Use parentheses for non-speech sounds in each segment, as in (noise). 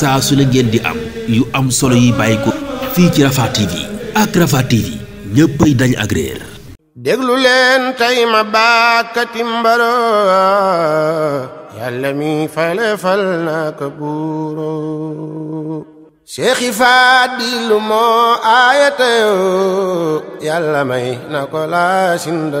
saa su ne ngeen di am yu am solo yi bàyyi ko fii ci Rafah TV ak Rafah TV ñëppay dañ ak réer déglu tey ma bàkkati mbaro yàlla mi fale fal naa ko buuroo seexi faadilu moo aayata yoo yàlla may na ko laa sinda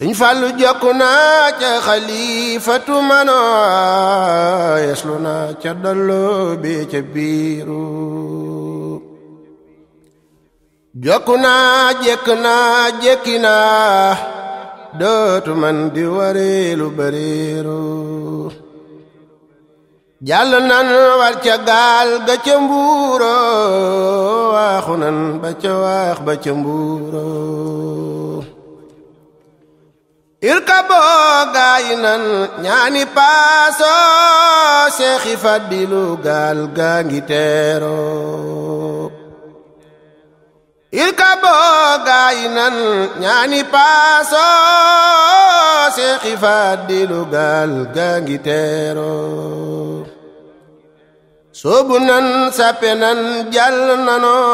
sëñ Fallou jokku naa ca xalifatu manoo yeslu naa ca dollo bi ca biiru jokku naa jekk naa jekki naa dootu man di wareelu bareeru jàll nan war ca gaal ca mbuuro waaxu nan ba ca waax ba ca mbuuro irkaboo gaayi nan ñaani paasoo seexi fadilu gaal gaa ngi teeroo irkaboo gaayi nan ñaani paasoo seexi fadilu gaal gaa ngi teeroo soobu nan sappe nan jàll nanoo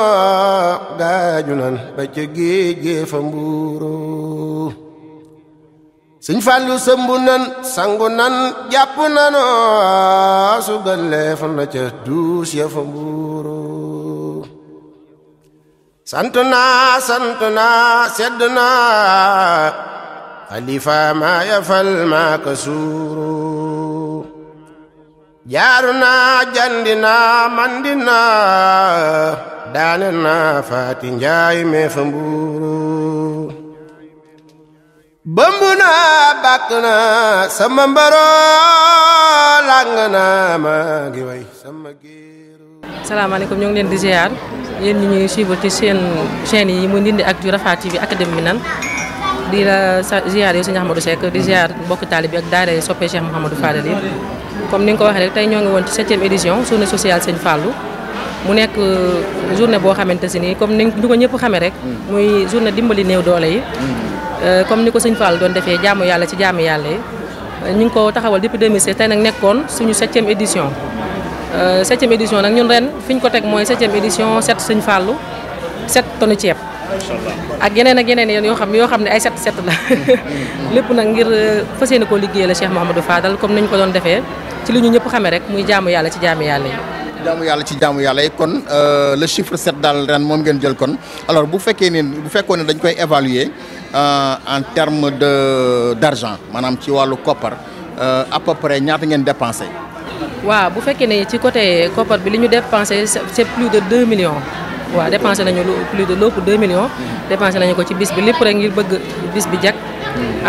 gaaju nan ba ca géej sëñ Fallu sëmbu nan sangu nan jàpp nanu sugaleef na ca duus ya fa mbuuru sant naa sant naa sedd naa xalifa maa yafal maa ka suuru jandi naa mandi naa daane naa faati njaay mee fa mbuuru bëmb naa bàkk naa sama mbaroo làng naa maa ngi way sama géeru. salaamaaleykum ñoo ngi leen di ziar yéen ñi ñuy suivre seen chaîne yi mu Ndindy Actu Rafah TV académie bi nan di la ziar yow sëñ Ahmadou Seck di ziar mbokki taalibe bi ak daara soppee Cheikh Mouhamadou Fadel yi comme ni nga ko waxee rek tey ñoo ngi woon ci septième édition journée sociale sëñ Fallou mu nekk euh, journée boo xamante si nii comme ni ñu ko ñëpp xamee rek muy journée dimbali néew doole yi Euh, comme ni ko sëñ Fall doon defee jaamu yàlla ci jaamu yàlla yi euh, ñu ngi ko taxawal depuis 2016 tey nekkoon suñu septième édition euh, septième édition nag ñun ren fi ñu ko teg mooy septième édition set sëñ Fallu set tonu ceeb ak yeneen ak yoon yoo xam yoo xam ne ay set set la (laughs) lépp nag ngir fas yéene koo liggéey la Cheikh Mouhamadou Fadal comme ni ñu ko doon defee ci li ñu xamee rek muy jaamu yàlla ci jaamu yàlla yi jaamu yàlla ci jaamu yàlla yi kon le chiffre sept daal ren moom ngeen jël kon alors bu fekkee ne bu fekkoon ne dañ koy évaluer Euh, en terme de d' argent maanaam ci wàllu koppar euh, à peu près ñaata ngeen dépensé. waaw bu fekkee ne ci côté koppar bi li ñu dépensé c' est plus de 2 millions. waaw dépensé nañu lu plus de lépp 2 millions. dépensé ko ci bis bi lépp rek ngir bëgg bis bi jag.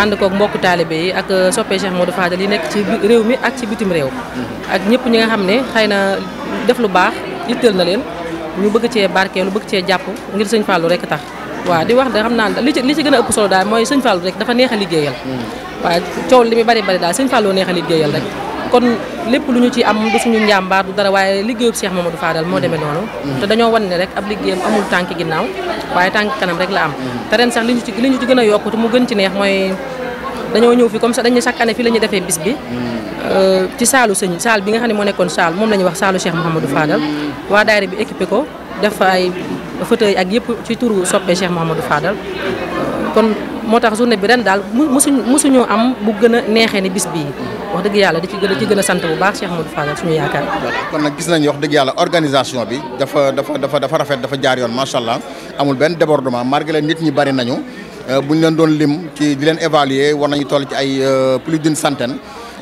ànd koog mbokk taalibe yi ak soppe Cheikh Modou Fadel yi nekk ci réew mi ak ci bitim réew. ak ñëpp ñi nga xam ne xëy na def lu baax itteel na leen ñu bëgg cee barkeelu bëgg cee jàpp ngir sëñ Fallou rek tax. waaw di wax de xam naa li ci li ci gën a ëpp solo daal mooy sëñ Fallou rek dafa neex a liggéeyal hmm. waaw coow li mu bari bari daal sëñ Fallou neex a liggéeyal rek kon lépp lu ñu ci am du njàmbaar du dara waaye liggéeyub Cheikh Mamadou Fadal moo hmm. demee noonu hmm. te dañoo wan ne rek ab liggéeyam amul tànk ginnaaw waaye tànk kanam rek la am te ren sax li ñu ci gën a yokk te mu gën ci neex mooy dañoo ñëw fi comme ça dañu chaque année fi la defee bis bi euh, ci saalu sëñ saal bi nga xam ne moo nekkoon saal moom la ñuy wax saalu Cheikh fauteuil ak yëpp ci turu soppe Cheikh Mouhamadou Fadal kon moo tax journée bi ren daal musuñ musuñoo am bu gën a neexee ni bis bi wax dëgg yàlla di ci gën ci gën a sant bu baax Cheikh Mouhamadou Fadal suñu yaakaar. kon nag gis nañu wax dëgg yàlla organisation bi dafa dafa dafa dafa rafet dafa jaar yoon macha allah amul benn débordement malgré nit ñi bari nañu euh, bu ñu leen doon lim ci di leen évaluer war nañu toll ci ay euh, plus d'une centaine.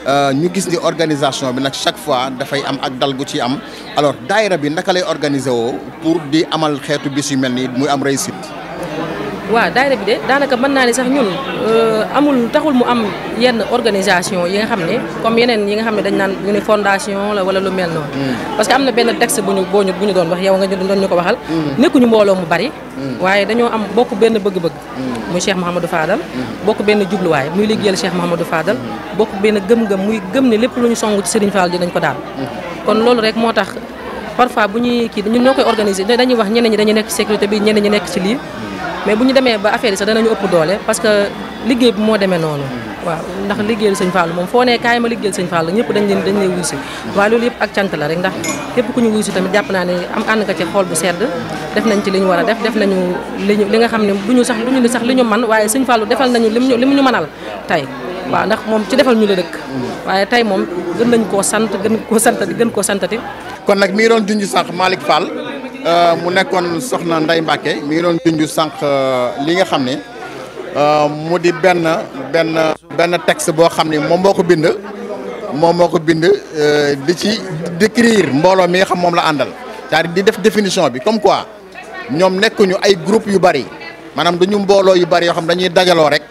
Euh, ñu gis ni organisation bi nag chaque fois dafay am ak dal gu ci am alors daayira bi naka lay organiser woo pour di amal xeetu bi yu mel nii muy am réussite. waaw daayira bi de daanaka mën naa ne sax ñun euh, amul taxul mu am yenn organisation yi nga xam ne comme yeneen yi nga xam ne dañ naan ñu ne fondation la wala lu mel noonu. Hmm. parce que am na benn texte bu ñu boo bu ñu doon wax yow nga ñu doon ñu ko waxal. Hmm. nekkuñu mbooloo mu bari. Hmm. waaye dañoo am bokk benn bëgg-bëgg. muy Cheikh Mouhamadou Fadal. bokk benn jubluwaay muy liggéeyal Cheikh Mouhamadou Fadal. bokk benn gëm-gëm muy gëm lépp lu ñu song ci Serigne Fall dinañ ko daal. kon loolu rek moo tax parfois bu ñuy kii ñun ñoo koy wax ñeneen ñi dañu nekk sécurité bi ñeneen ñi nekk ci lii mais bu ñu demee ba affaire yi sax danañu ëpp doole parce que liggéey bi moo demee noonu. waaw ndax liggéeyal sëñ Fall moom foo ne kaay ma liggéeyal sëñ Fall ñëpp dañ leen dañ lay wuy si waaye loolu yëpp ak cant la rek ndax képp ku ñu wuy si tamit jàpp naa ne am ànd nga ci xool bu sedd def nañ ci li ñu war a def def nañu li ñu li nga xam ne du ñu sax du ñu sax li ñu man waaye sëñ Fall defal nañu lim ñu lim ñu mënal tey waaw ndax moom ci defal ñu la dëkk waaye tey moom gën nañ koo sant gën koo santati gën koo santati kon nag mii doon junj sànq Malick Fall Euh, mu nekkoon soxna Ndeye Mbacke mi ngi doon junj sànq euh, li nga xam ne euh, mu di benn benn benn texte boo xam ne moom moo ko bind moom moo ko bind di ci décrire mbooloo mi nga xam moom la àndal cest di def définition bi comme quoi ñoom nekkuñu ay groupe yu bari maanaam dañu mbooloo yu bari yoo xam dañuy dajaloo rek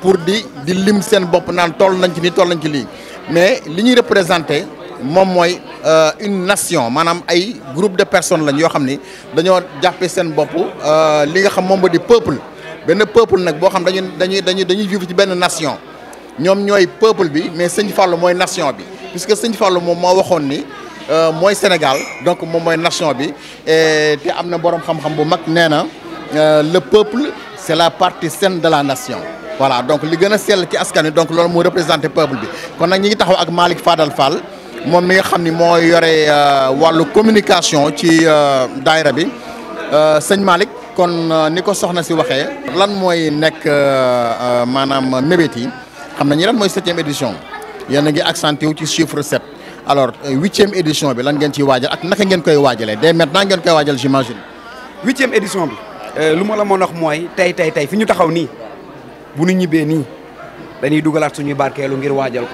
pour di di lim seen bopp naan toll nañ ci nii toll nañ ci lii mais li ñuy représenté moom mooy euh, une nation maanaam ay groupe de personnes lañ yoo xam ni dañoo jàppe seen bopp euh, li nga xam moom ba di peuple benn peuple nag boo xam dañu dañuy dañuy dañuy vivre ci benn nation ñoom ñooy peuple bi mais sëñ Fallou mooy nation bi puisque sëñ Fallou moom moo waxoon ni euh, mooy Sénégal donc moom mooy nation bi te am na boroom xam-xam bu mag nee na le peuple c'est la partie senn de la nation voilà donc li gën a sell ci askan wi donc loolu mu représenté peuple bi kon nag ñi ngi taxaw ak Malick moom mi nga xam ni moo yore euh, wàllu communication ci euh, daayira bi euh, sëñ Malick kon ni ko soxna si waxee. lan mooy nekk maanaam mébét yi xam nañu lan mooy septième édition yéen a ngi accenté wu ci chiffre sept alors huitième édition bi lan ngeen ciy waajal ak naka ngeen koy waajalee dès na ngeen koy waajal j'imagine. huitième édition bi. lu ma la mën a wax mooy tey tey tey fi ñu taxaw nii bu nu ñibbee nii dañuy dugalaat suñuy barkeelu ngir waajal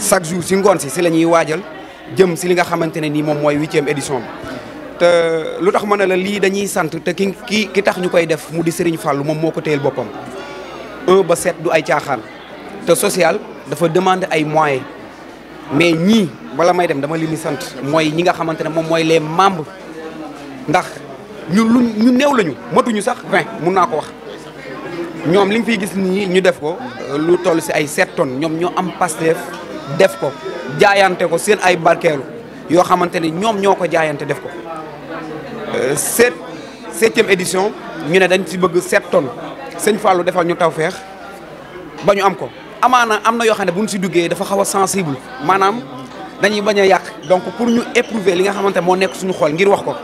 chaque jours si ngoon si si la ñuy waajal jëm si li nga xamante ne nii moom mooy huitième édition te lu tax ma ne la lii dañuy sant te ki ki ki tax ñu koy def mu di Serigne Fallou moom moo ko téyel boppam un ba sept du ay caaxaan te social dafa demander ay moyens mais ñii bala may dem dama leen di sant mooy ñi nga xamante ne moom mooy les membres ndax ñu lu ñu néew lañu matuñu sax vingt mun naa ko wax ñoom li nga fiy gis nii ñu def ko lu toll si ay set tonnes ñoom ñoo am Pastef def ko jaayante ko seen ay barkeelu yoo xamante ne ñoom ñoo ko jaayante def ko euh, sept septième édition ñu ne dañ si bëgg set ton sëñ Fallou defal ñu taw feex ba ñu am ko amaana am na yoo xam ne bu ñu si duggee dafa xaw a sensible maanaam dañuy bañ a yàq donc pour ñu éprouver li nga xamante moo nekk suñu xol ngir wax ko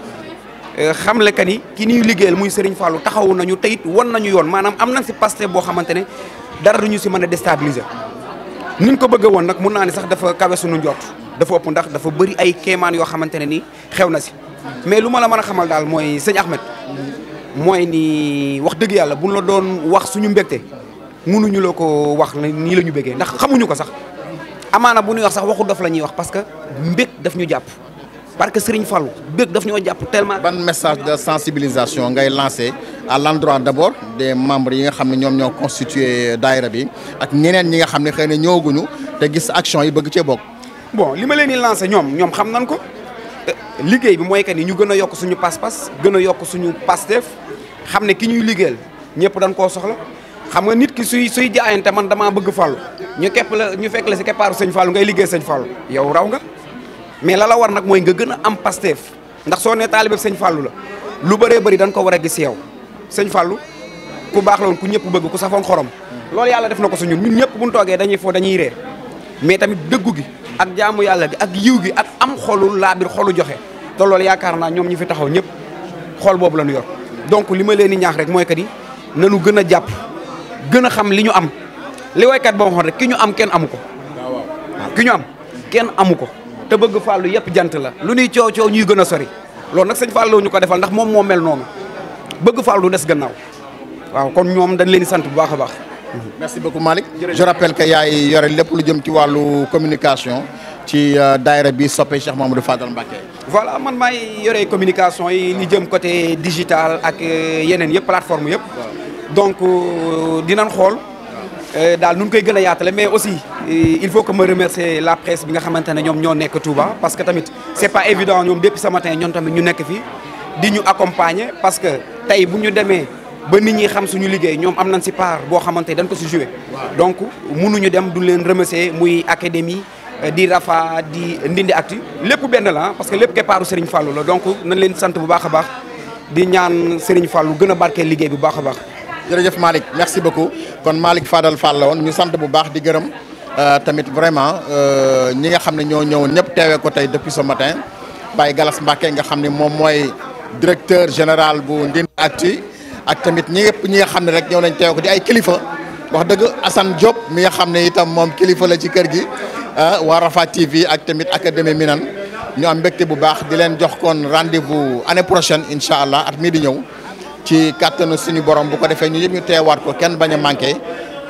euh, xam le que ni ki ñuy liggéeyal muy Serigne Fallou taxawu nañu teyit wan nañu yoon maanaam am nañ si paste boo xamante ne dara duñu si mën a déstabiliser nin ko bëgg woon nag mun naa ne sax dafa kawe suñu njort dafa ëpp ndax dafa bari ay kéemaan yoo xamante ne ni xew na si mais lu ma la mën a xamal daal mooy señ Ahmed mooy ni wax dëgg yàlla buñ la doon wax suñu mbégte mënuñu la ko wax nii la ñu bëggee ndax xamuñu ko sax amaana bu nuy wax sax waxu dof la ñuy wax parce que mbég daf ñu jàpp parce que Serigne Fallou bëgg daf ñoo jàpp tellement. ban message de sensibilisation ngay lancé à l' endroit d' abord des membres yi nga xam ne ñoom ñoo constitué daayira bi ak ñeneen ñi nga xam ne xëy na ñëwaguñu te gis action yi bëgg cee bokk. bon li ma leen di lancé ñoom ñoom xam nañ ko euh, liggéey bi mooy que ni ñu gën a yokk suñu pas-pas gën a yokk suñu Pastef xam ne ki ñuy liggéeyal ñëpp dañ koo soxla xam nga nit ki suy suy jaayante man damaa bëgg Fallou ñu képp la ñu fekk la si keppaaru sëñ Fallou ngay liggéey sëñ Fallou yow raw nga. mais lala war nag mooy nga gën a am Pastef ndax soo nee taalibe sëñ Fallou la lu bëree bëri dañ ko war a gis yow sëñ Fallou ku baax la woon ñëpp bëgg ku safoon xorom loolu yàlla def na ko su ñun ñun ñëpp buñ toogee dañuy foo dañuy reer mais tamit dëggu gi ak jaamu yàlla gi ak yiw gi ak am xolu laabir xolu joxe te loolu yaakaar naa ñoom ñi fi taxaw ñëpp xol boobu la ñu yor donc li ma leen di ñaax rek mooy que ni nanu gën a jàpp gën a xam li ñu am li waykat boo waxoon rek ki ñu am kenn amu ko ki ñu am kenn amu ko te bëgg fàllu yëpp jant la lu ñuy coow coow ñuy gën a sori loolu nag sëñ fàllu ñu ko defal ndax moom moo mel noonu bëgg fàllu des gannaaw waaw kon ñoom dañ leen sant bu baax a baax. merci beaucoup Malick je rappelle que yaay yore lépp lu jëm ci wàllu communication ci euh, daayira bi soppee soppe Cheikh Mamadou Fadal Mbacké. voilà man maay yore communication yi li jëm côté digital ak euh, yeneen yëpp plateforme yëpp. donc euh, dinañ xool. Euh, daal nun koy gën a yaatale mais aussi euh, il faut que ma remercier la presse bi nga xamante ne ñoom ñoo nekk Touba parce que tamit c'est pas évident ñoom depuis ce matin ñoom tamit ñu nekk fii di ñu accompagner parce que tey bu ñu demee ba nit ñi xam suñu liggéey ñoom am nañ si part boo xamante dañ ko si joué donc mënuñu dem du leen remercier muy académie euh, di Rafa di Ndindi Actu lépp benn la parce que lépp keppaaru Serigne Fallou la donc nañ leen sant bu baax a baax di ñaan Serigne Fallou gën a barkee liggéey bu baax a baax jërëjëf Malick merci beaucoup kon Malick Fadal Fall la woon ñu sant bu baax di gërëm euh, tamit vraiment euh, ñi nga xam ne ñoo ñëwoon ñëpp teewee ko tey depuis ce matin Baye Galas Mbacke nga xam ne moom mooy directeur général bu Ndindy Actu ak tamit ñi yëpp ñi nga xam ne rek ñëw nañ teew ko di ay kilifa wax dëgg Assane Diop mi xam ne itam moom kilifa la ci kër gi ah, waa Rafa TV ak tamit académie Minane ñu am mbégte bu baax di leen jox kon rendez-vous année prochaine incha allah at mii di ñëw. ci kàttanu suñu borom bu ko defee ñu yëpp ñu teewaat ko kenn bañ a manqué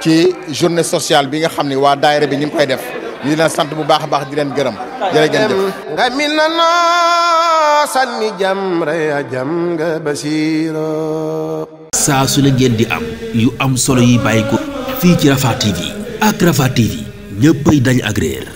ci journée sociale bi nga xam ni waa daayira bi ñu ngi koy def ñu leen sant bu baax a baax di leen gërëm jërëjëf nga mi na na sànni jam reya jam nga basiiro saa su ne ngeen di am yu am solo yi bàyyi ko fii ci Rafah TV ak Rafah TV ñëppay dañ agréer